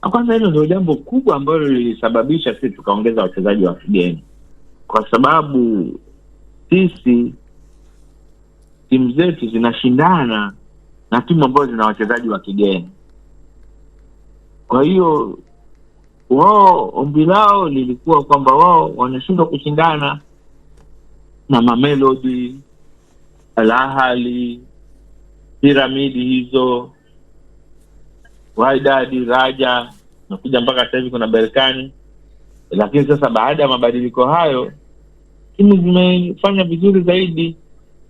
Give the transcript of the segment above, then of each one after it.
Kwanza hilo ndio jambo kubwa ambalo lilisababisha sisi tukaongeza wachezaji wa kigeni, kwa sababu sisi timu zetu zinashindana na timu ambazo zina wachezaji wa kigeni. Kwa hiyo wao ombi lao lilikuwa kwamba wao wanashindwa kushindana na Mamelodi, Al Ahly, piramidi hizo Wydad, Raja nakuja mpaka sasa hivi kuna Berkane. Lakini sasa baada ya mabadiliko hayo timu zimefanya vizuri zaidi,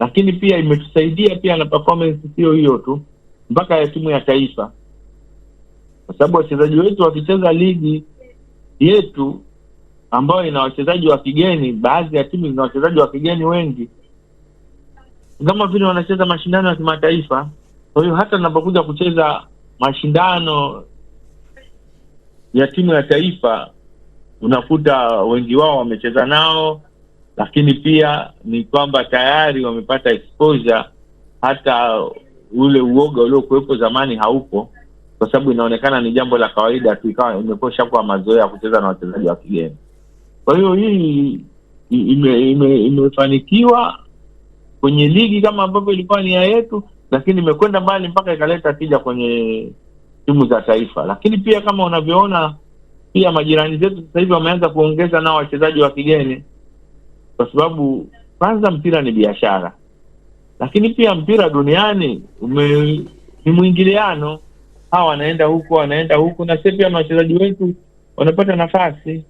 lakini pia imetusaidia pia na performance sio hiyo tu, mpaka ya timu ya taifa, kwa sababu wachezaji wetu wakicheza ligi yetu ambayo ina wachezaji wa kigeni, baadhi ya timu zina wachezaji wa kigeni wengi, kama vile wanacheza mashindano ya kimataifa. Kwa hiyo hata tunapokuja kucheza mashindano ya timu ya taifa unakuta wengi wao wamecheza nao, lakini pia ni kwamba tayari wamepata exposure. Hata ule uoga uliokuwepo zamani haupo, kwa sababu inaonekana ni jambo la kawaida tu, ikawa imekuwa kuwa mazoea ya kucheza na wachezaji wa kigeni. Kwa hiyo hii imefanikiwa ime, ime kwenye ligi kama ambavyo ilikuwa nia yetu, lakini imekwenda mbali mpaka ikaleta tija kwenye timu za taifa. Lakini pia kama unavyoona, pia majirani zetu sasa hivi wameanza kuongeza nao wachezaji wa kigeni, kwa sababu kwanza mpira ni biashara, lakini pia mpira duniani ume, ni mwingiliano. Hawa wanaenda huku wanaenda huku, na sie pia wachezaji wetu wanapata nafasi,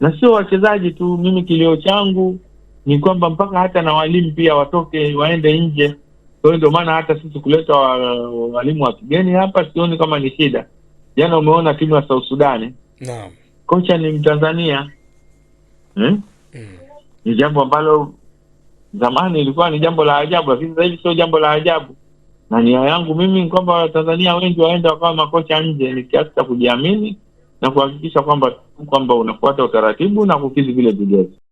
na sio wachezaji tu. Mimi kilio changu ni kwamba mpaka hata na walimu pia watoke waende nje kwa hiyo ndio maana hata sisi kuleta uh, walimu wa kigeni hapa sioni kama ni shida. Jana umeona timu ya South Sudan, naam, kocha ni Mtanzania hmm? mm. ni jambo ambalo zamani ilikuwa ni jambo la ajabu, lakini sasa hivi sio jambo la ajabu, na nia yangu mimi ni kwamba Watanzania wengi waenda wakawa makocha nje. Ni kiasi cha kujiamini na kuhakikisha kwamba kwamba unafuata utaratibu na kukizi vile vigezo.